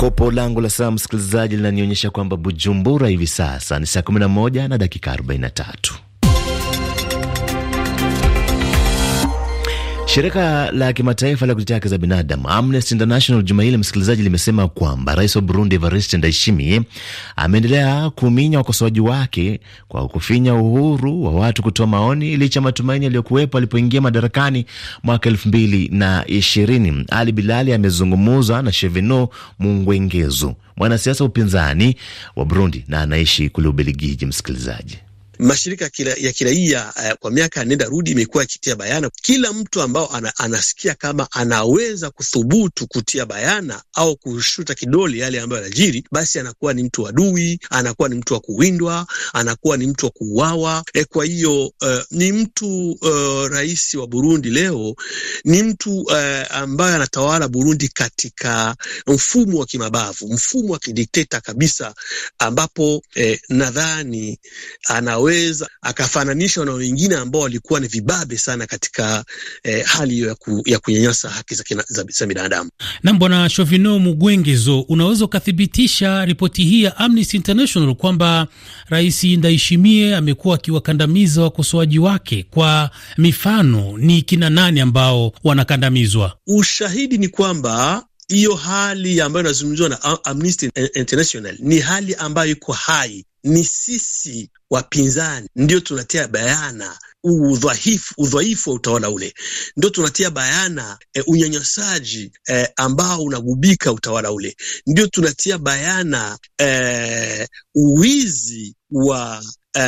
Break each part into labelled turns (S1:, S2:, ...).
S1: Kopo langu la saa msikilizaji linanionyesha kwamba Bujumbura hivi sasa ni saa 11 na dakika 43. Shirika la kimataifa la kutetea haki za binadamu Amnesty International juma hili, msikilizaji, limesema kwamba rais wa Burundi Evariste Ndayishimiye ameendelea kuminya wakosoaji wake kwa kufinya uhuru wa watu kutoa maoni licha ya matumaini yaliyokuwepo alipoingia madarakani mwaka elfu mbili na ishirini. Ali Bilali amezungumuza na Cheveno Mungwengezu, mwanasiasa upinzani wa Burundi na anaishi kule Ubelgiji. Msikilizaji
S2: mashirika kila, ya kiraia uh, kwa miaka nenda rudi imekuwa ikitia bayana kila mtu ambao ana, anasikia kama anaweza kuthubutu kutia bayana au kushuta kidole yale ambayo yanajiri, basi anakuwa ni mtu adui, anakuwa ni mtu wa kuwindwa, anakuwa ni mtu wa kuuawa. E, kwa hiyo uh, ni mtu uh, rais wa Burundi leo ni mtu uh, ambaye anatawala Burundi katika mfumo wa kimabavu, mfumo wa kidikteta kabisa, ambapo eh, nadhani anawe anaweza akafananishwa na wengine ambao walikuwa ni vibabe sana katika eh, hali hiyo ya, ku, ya kunyanyasa haki za binadamu. Na Bwana Shovino Mugwengezo, unaweza ukathibitisha ripoti hii ya Amnesty International kwamba Rais Ndayishimiye amekuwa akiwakandamiza wakosoaji wake? Kwa mifano ni kina nani ambao wanakandamizwa? Ushahidi ni kwamba hiyo hali ambayo inazungumziwa na Amnesty International ni hali ambayo iko hai, ni sisi wapinzani, ndio tunatia bayana udhaifu udhaifu wa utawala ule, ndio tunatia bayana e, unyanyasaji e, ambao unagubika utawala ule, ndio tunatia bayana e, uwizi wa e,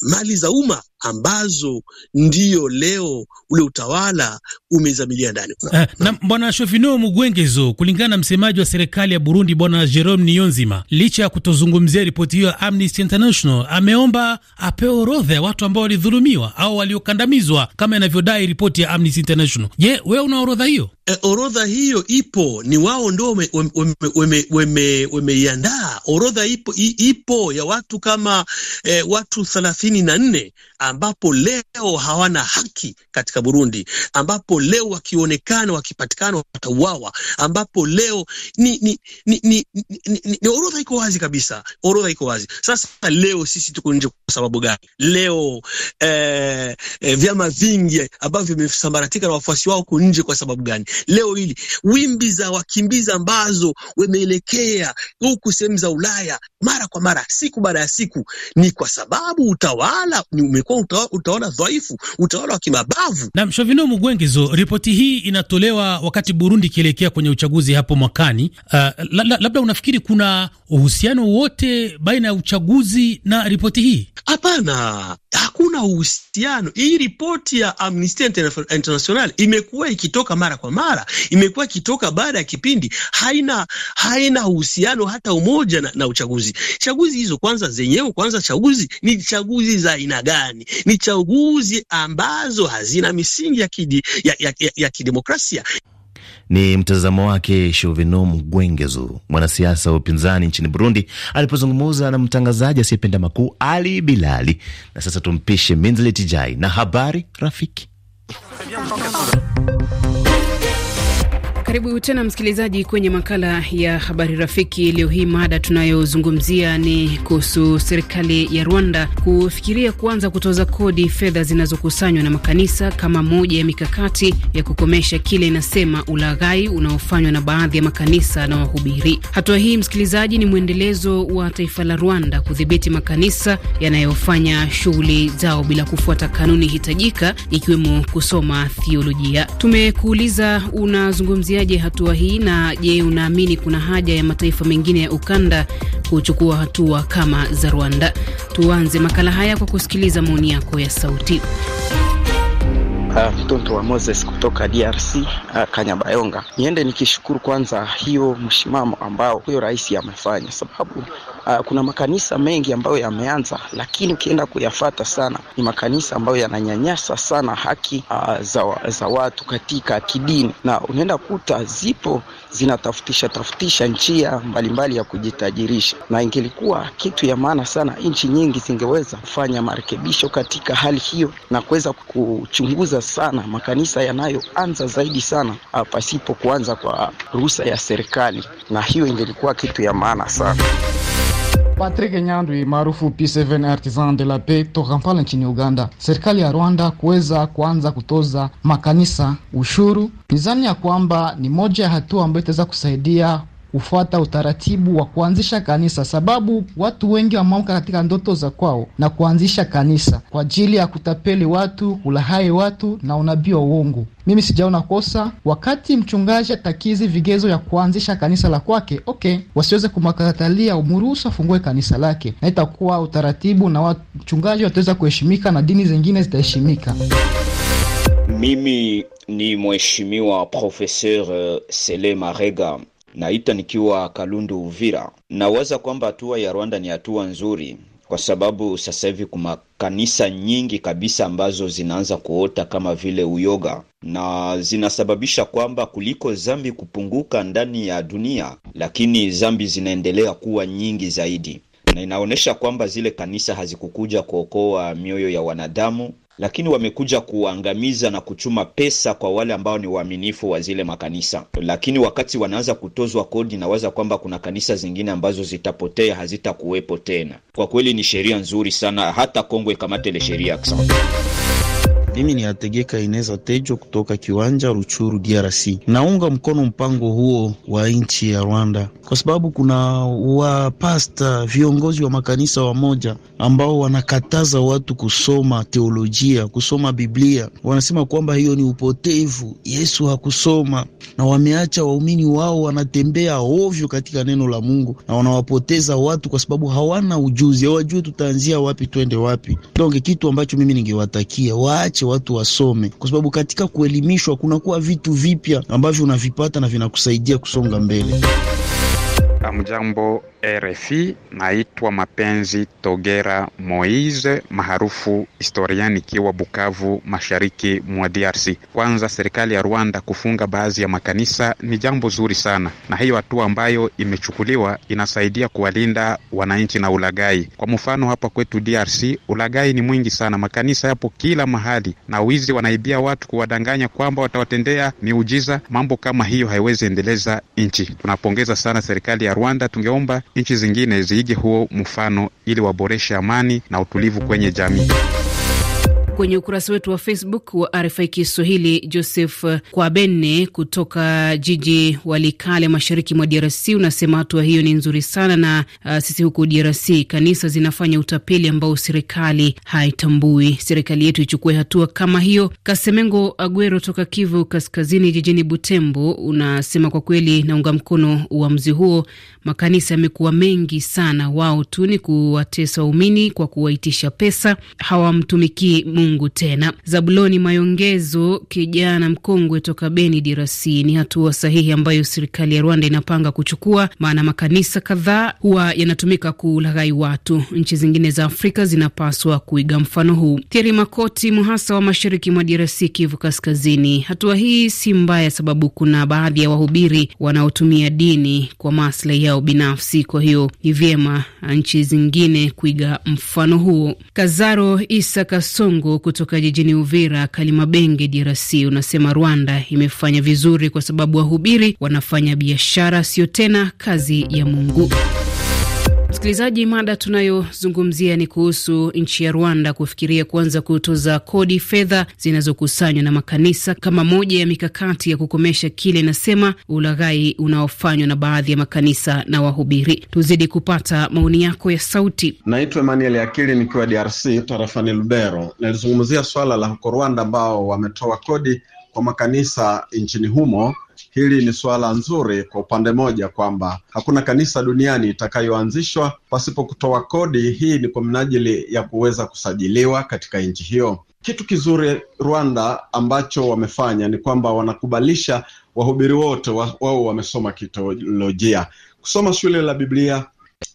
S2: mali za umma ambazo ndiyo leo ule utawala umezamilia ndani. Uh, na Bwana Shofino Mugwengezo, kulingana na msemaji wa serikali ya Burundi Bwana Jerome Niyonzima, licha ya kutozungumzia ripoti hiyo ya Amnesty International, ameo ameomba apewe orodha ya watu ambao walidhulumiwa au waliokandamizwa kama inavyodai ripoti ya Amnesty International. Je, wewe una orodha hiyo? E, orodha hiyo ipo, ni wao ndo wameiandaa orodha ipo, i, ipo ya watu kama e, watu thelathini na nne ambapo leo hawana haki katika Burundi, ambapo leo wakionekana wakipatikana watauawa, ambapo leo ni, ni, ni, ni, ni, ni, ni orodha iko wazi kabisa, orodha iko wazi. Sasa leo sisi tuko nje kwa sababu gani? Leo eh, eh, vyama vingi ambavyo vimesambaratika na wafuasi wao huko nje kwa sababu gani? Leo hili wimbi za wakimbizi ambazo wameelekea huku sehemu za Ulaya mara kwa mara, siku baada ya siku, ni kwa sababu utawala umekuwa utawala, utawala dhaifu, utawala wa kimabavu. Na Mshovino Mugwengezo, ripoti hii inatolewa wakati Burundi ikielekea kwenye uchaguzi hapo mwakani. Uh, labda unafikiri kuna uhusiano wote baina ya uchaguzi na ripoti hii? Hapana, hakuna uhusiano. Hii ripoti ya Amnesty International imekuwa ikitoka mara kwa mara, imekuwa ikitoka baada ya kipindi, haina haina uhusiano hata umoja na, na uchaguzi. Chaguzi hizo kwanza zenyewe, kwanza chaguzi ni chaguzi za aina gani? Ni chaguzi ambazo hazina misingi ya, kidi, ya, ya, ya, ya kidemokrasia.
S1: Ni mtazamo wake Shovino Mgwengezu, mwanasiasa wa upinzani nchini Burundi, alipozungumza na mtangazaji asiyependa makuu Ali Bilali. Na sasa tumpishe Minzletijai na habari rafiki
S3: karibu tena msikilizaji kwenye makala ya habari rafiki. Leo hii mada tunayozungumzia ni kuhusu serikali ya Rwanda kufikiria kuanza kutoza kodi fedha zinazokusanywa na makanisa kama moja ya mikakati ya kukomesha kile inasema ulaghai unaofanywa na baadhi ya makanisa na wahubiri. Hatua hii, msikilizaji, ni mwendelezo wa taifa la Rwanda kudhibiti makanisa yanayofanya shughuli zao bila kufuata kanuni hitajika, ikiwemo kusoma theolojia. Tumekuuliza unazungumzia unaitazamiaje hatua hii, na je, unaamini kuna haja ya mataifa mengine ya ukanda kuchukua hatua kama za Rwanda? Tuanze makala haya kwa kusikiliza maoni yako ya sauti.
S2: Ah,
S4: mtoto wa Moses kutoka DRC uh, ah, Kanyabayonga. Niende nikishukuru kwanza hiyo mshimamo ambao huyo rais amefanya, sababu uh, kuna makanisa mengi ambayo yameanza, lakini ukienda kuyafata sana ni makanisa ambayo yananyanyasa sana haki uh, za, za watu katika kidini, na unaenda kuta zipo zinatafutisha tafutisha njia mbalimbali mbali ya kujitajirisha, na ingelikuwa kitu ya maana sana, nchi nyingi zingeweza kufanya marekebisho katika hali hiyo na kuweza kuchunguza sana makanisa yanayoanza zaidi sana ah, pasipo kuanza kwa ruhusa ya serikali, na hiyo ingelikuwa kitu ya maana sana.
S3: Patrick Nyandwi maarufu P7 Artisan de la Paix toka Kampala nchini Uganda. Serikali ya Rwanda kuweza kuanza kutoza makanisa ushuru, nizani ya kwamba ni moja ya hatua ambayo itaweza kusaidia kufuata utaratibu wa kuanzisha kanisa, sababu watu wengi wameamka katika ndoto za kwao na kuanzisha kanisa kwa ajili ya kutapeli watu, kulahai watu na unabii wa uongo. Mimi sijaona kosa wakati mchungaji atakizi vigezo ya kuanzisha kanisa la kwake. Okay, wasiweze kumakatalia, umuruhusu afungue kanisa lake, na itakuwa utaratibu na wachungaji wataweza kuheshimika na dini zingine zitaheshimika.
S4: Mimi ni mheshimiwa profeseur Sele Marega naita nikiwa Kalundu Uvira. Nawaza kwamba hatua ya Rwanda ni hatua nzuri kwa sababu sasa hivi kuna kanisa nyingi kabisa ambazo zinaanza kuota kama vile uyoga na zinasababisha kwamba kuliko zambi kupunguka ndani ya dunia, lakini zambi zinaendelea kuwa nyingi zaidi, na inaonyesha kwamba zile kanisa hazikukuja kuokoa mioyo ya wanadamu, lakini wamekuja kuangamiza na kuchuma pesa kwa wale ambao ni waaminifu wa zile makanisa. Lakini wakati wanaanza kutozwa kodi, nawaza kwamba kuna kanisa zingine ambazo zitapotea, hazitakuwepo tena. Kwa kweli ni sheria nzuri sana, hata Kongo ikamate ile sheria. Mimi ni Ategeka Ineza Tejo kutoka kiwanja Ruchuru, DRC. Naunga mkono mpango huo wa nchi ya Rwanda kwa sababu kuna wapasta viongozi wa makanisa wamoja ambao wanakataza watu kusoma teolojia, kusoma Biblia. Wanasema kwamba hiyo ni upotevu, Yesu hakusoma, na wameacha waumini wao wanatembea ovyo katika neno la Mungu na wanawapoteza watu kwa sababu hawana ujuzi, hawajui tutaanzia wapi, twende wapi. Donge, kitu ambacho mimi ningewatakia waache basi watu wasome, kwa sababu katika kuelimishwa kunakuwa vitu vipya ambavyo unavipata na vinakusaidia kusonga mbele. Amjambo RFI. Naitwa Mapenzi Togera Moise, maarufu historiani, ikiwa Bukavu, mashariki mwa DRC. Kwanza, serikali ya Rwanda kufunga baadhi ya makanisa ni jambo zuri sana, na hiyo hatua ambayo imechukuliwa inasaidia kuwalinda wananchi na ulagai. Kwa mfano, hapa kwetu DRC ulagai ni mwingi sana, makanisa yapo kila mahali na wizi, wanaibia watu, kuwadanganya kwamba watawatendea miujiza. Mambo kama hiyo haiwezi endeleza nchi. Tunapongeza sana serikali ya Rwanda, tungeomba nchi zingine ziige huo mfano ili waboreshe amani na utulivu kwenye jamii.
S3: Kwenye ukurasa wetu wa Facebook wa RFI Kiswahili, Joseph Kwabene kutoka jiji Walikale, mashariki mwa DRC, unasema hatua hiyo ni nzuri sana na uh, sisi huku DRC kanisa zinafanya utapeli ambao serikali haitambui. Serikali yetu ichukue hatua kama hiyo. Kasemengo Aguero toka Kivu Kaskazini, jijini Butembo, unasema kwa kweli naunga mkono uamuzi huo. Makanisa yamekuwa mengi sana, wao tu ni kuwatesa waumini kwa kuwaitisha pesa, hawamtumikii Mungu tena. Zabuloni Mayongezo, kijana mkongwe toka Beni, DRC, ni hatua sahihi ambayo serikali ya Rwanda inapanga kuchukua, maana makanisa kadhaa huwa yanatumika kulaghai watu. Nchi zingine za Afrika zinapaswa kuiga mfano huu. Thieri Makoti, mhasa wa mashariki mwa DRC, Kivu Kaskazini, hatua hii si mbaya, sababu kuna baadhi ya wahubiri wanaotumia dini kwa maslahi yao binafsi. Kwa hiyo ni vyema nchi zingine kuiga mfano huo. Kazaro Isa Kasongo kutoka jijini Uvira, Kalimabenge, DRC, unasema Rwanda imefanya vizuri kwa sababu wahubiri wanafanya biashara, sio tena kazi ya Mungu. Msikilizaji, mada tunayozungumzia ni kuhusu nchi ya Rwanda kufikiria kuanza kutoza kodi fedha zinazokusanywa na makanisa kama moja ya mikakati ya kukomesha kile inasema ulaghai unaofanywa na baadhi ya makanisa na wahubiri. Tuzidi kupata maoni yako ya sauti.
S2: Naitwa Emmanuel
S4: Akili nikiwa DRC tarafani Lubero. Nalizungumzia swala la huko Rwanda ambao wametoa kodi kwa makanisa nchini humo hili ni suala nzuri kwa upande moja, kwamba hakuna kanisa duniani itakayoanzishwa pasipo kutoa kodi. Hii ni kwa minajili ya kuweza kusajiliwa katika nchi hiyo. Kitu kizuri Rwanda ambacho wamefanya ni kwamba wanakubalisha wahubiri wote wao wamesoma kitolojia. Kusoma shule la Biblia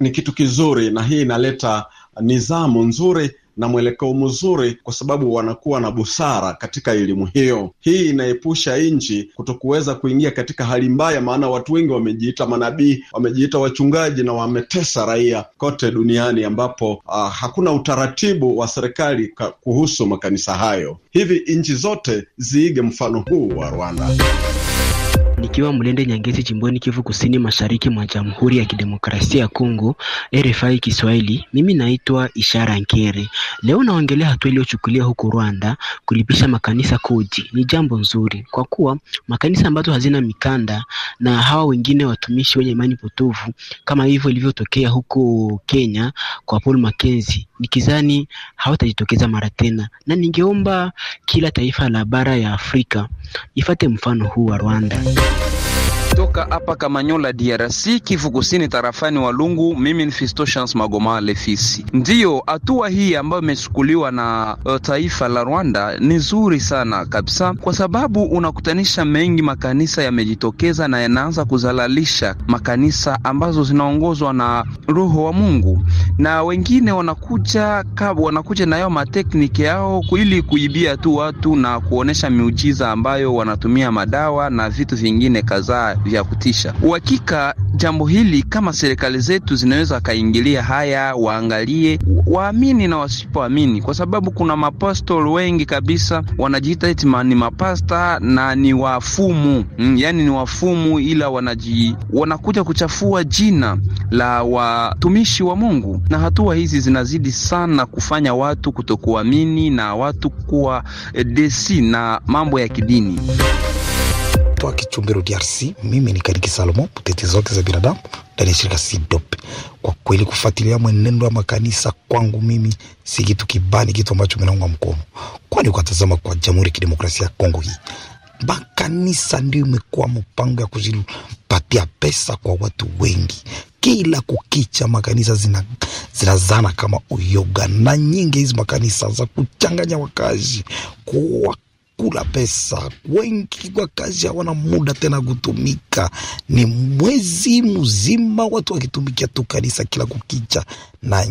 S4: ni kitu kizuri, na hii inaleta nizamu nzuri na mwelekeo mzuri, kwa sababu wanakuwa na busara katika elimu hiyo. Hii inaepusha nchi kutokuweza kuingia katika hali mbaya, maana watu wengi wamejiita manabii, wamejiita wachungaji na wametesa raia kote duniani, ambapo ah, hakuna utaratibu wa serikali kuhusu makanisa hayo. Hivi nchi zote ziige mfano huu wa Rwanda.
S3: Nikiwa Mlende Nyangezi, jimboni Kivu Kusini, mashariki mwa Jamhuri ya Kidemokrasia ya Kongo, RFI Kiswahili. Mimi naitwa Ishara Nkere. Leo naongelea hatua iliyochukulia huko Rwanda kulipisha makanisa kodi. Ni jambo nzuri kwa kuwa makanisa ambazo hazina mikanda na hawa wengine watumishi wenye imani potovu, kama hivyo ilivyotokea huko Kenya kwa Paul Mackenzie nikizani hawatajitokeza mara tena, na ningeomba kila taifa la bara ya Afrika ifate mfano huu wa Rwanda.
S4: Toka hapa Kamanyola, DRC, Kivu Kusini, tarafani Walungu. Mimi ni Fisto Chance Magoma Lefisi. Ndiyo hatua hii ambayo imechukuliwa na eh, taifa la Rwanda ni nzuri sana kabisa, kwa sababu unakutanisha mengi makanisa yamejitokeza na yanaanza kuzalalisha makanisa ambazo zinaongozwa na Roho wa Mungu, na wengine wanakuja kabu, wanakuja nayo matekniki yao ili kuibia tu watu na kuonesha miujiza ambayo wanatumia madawa na vitu vingine kadhaa vya kutisha. Uhakika jambo hili, kama serikali zetu zinaweza wakaingilia haya, waangalie waamini na wasipoamini, kwa sababu kuna mapastol wengi kabisa wanajiita eti ni mapasta na ni wafumu mm, yani ni wafumu, ila wanaji wanakuja kuchafua jina la watumishi wa Mungu, na hatua hizi zinazidi sana kufanya watu kutokuamini na watu kuwa desi na mambo ya kidini kutoka Kichumbiro, DRC. Mimi ni Kariki Salomo, mtetezi zote za binadamu ndani ya shirika SIDOP. Kwa kweli kufuatilia mwenendo wa makanisa kwangu mimi si kitu kibani, kitu ambacho minaunga mkono, kwani ukatazama kwa Jamhuri ya Kidemokrasia ya Kongo hii makanisa ndio imekuwa mpango ya kuzipatia pesa kwa watu wengi. Kila kukicha makanisa zina, zinazana kama uyoga, na nyingi hizi makanisa za kuchanganya wakazi kuwa kula pesa, wengi kwa kazi hawana muda tena kutumika. Ni mwezi mzima watu wakitumikia tu kanisa kila kukicha, na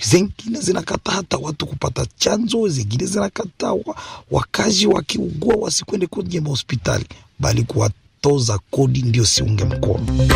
S4: zingine zinakata hata watu kupata chanjo, zingine zinakata wa, wakazi wakiugua wasikwende kwenye hospitali, bali kuwatoza kodi ndio siunge mkono.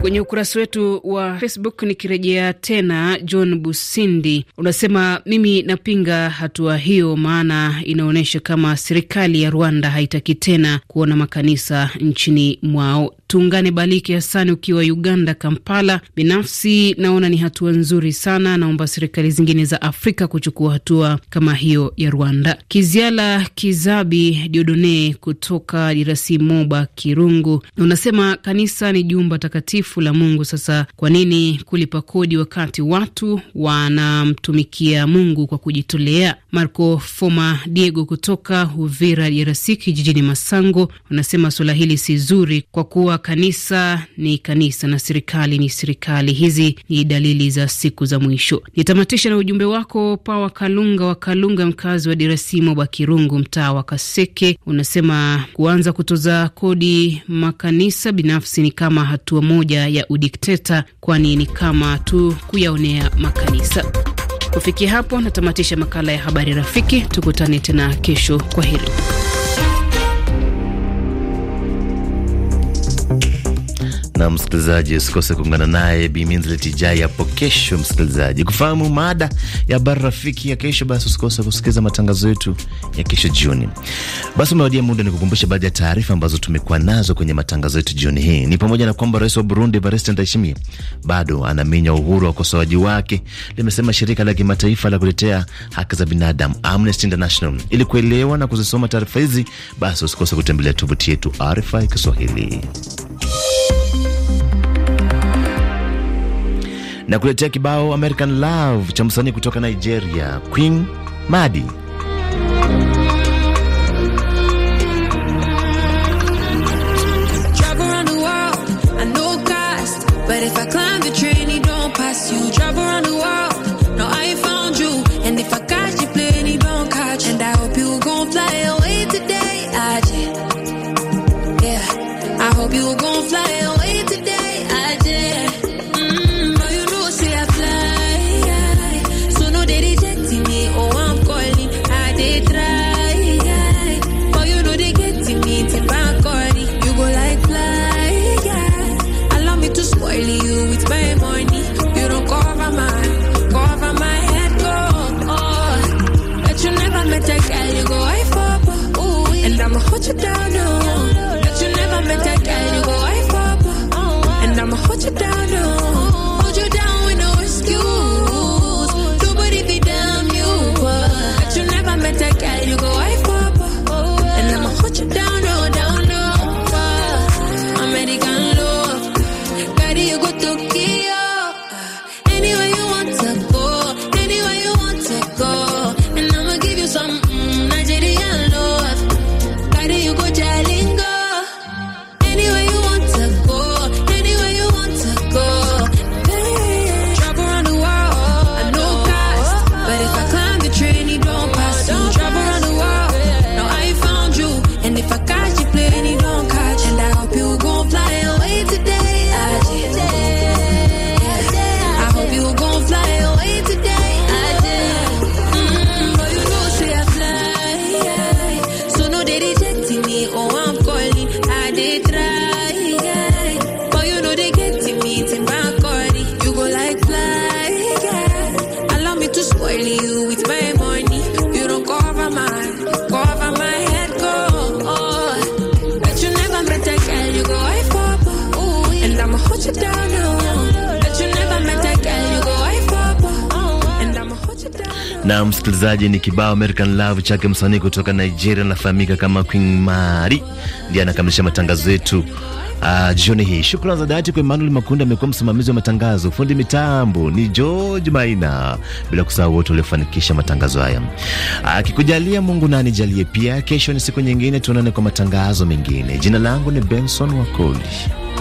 S3: Kwenye ukurasa wetu wa Facebook, nikirejea tena, John Busindi unasema mimi napinga hatua hiyo, maana inaonyesha kama serikali ya Rwanda haitaki tena kuona makanisa nchini mwao. Tuungane Baliki Hasani ukiwa Uganda, Kampala. Binafsi naona ni hatua nzuri sana, naomba serikali zingine za Afrika kuchukua hatua kama hiyo ya Rwanda. Kiziala Kizabi Diodone kutoka Dirasi, Moba Kirungu, unasema kanisa ni jumba takatifu la Mungu. Sasa kwa nini kulipa kodi wakati watu wanamtumikia Mungu kwa kujitolea? Marco Foma Diego kutoka Uvira, Dirasi, kijijini Masango, unasema suala hili si zuri kwa kuwa kanisa ni kanisa na serikali ni serikali. Hizi ni dalili za siku za mwisho. Nitamatisha na ujumbe wako pa Kalunga wa Kalunga, mkazi wa Dirasimo Bakirungu, mtaa wa Kaseke. Unasema kuanza kutoza kodi makanisa binafsi ni kama hatua moja ya udikteta, kwani ni kama tu kuyaonea makanisa. Kufikia hapo natamatisha makala ya habari rafiki. Tukutane tena kesho. Kwa heri.
S5: na
S1: msikilizaji, usikose kuungana naye Bimizletijai hapo kesho. Msikilizaji, kufahamu mada ya bara rafiki ya kesho, basi usikose kusikiliza matangazo yetu ya kesho jioni. Basi umewadia muda ni kukumbusha baadhi ya taarifa ambazo tumekuwa nazo kwenye matangazo yetu jioni hii, ni pamoja na kwamba rais wa Burundi Evariste Ndayishimiye bado anaminya uhuru wa ukosoaji wake, limesema shirika la kimataifa la kutetea haki za binadamu Amnesty International. Ili kuelewa na kuzisoma taarifa hizi, basi usikose kutembelea tovuti yetu RFI Kiswahili. na kuletea kibao American Love cha msanii kutoka Nigeria, Queen Madi.
S5: you gon' fly away. i to put you down, no
S1: Na msikilizaji, ni kibao American Love chake msanii kutoka Nigeria anafahamika kama Queen Mari, ndiye anakamilisha matangazo yetu Uh, jioni hii shukrani za dhati kwa Emmanuel Makunda, amekuwa msimamizi wa matangazo. Fundi mitambo ni George Maina, bila kusahau wote waliofanikisha matangazo haya. Akikujalia uh, Mungu na anijalie pia, kesho ni siku nyingine, tuonane kwa matangazo mengine. Jina langu ni Benson Wakoli.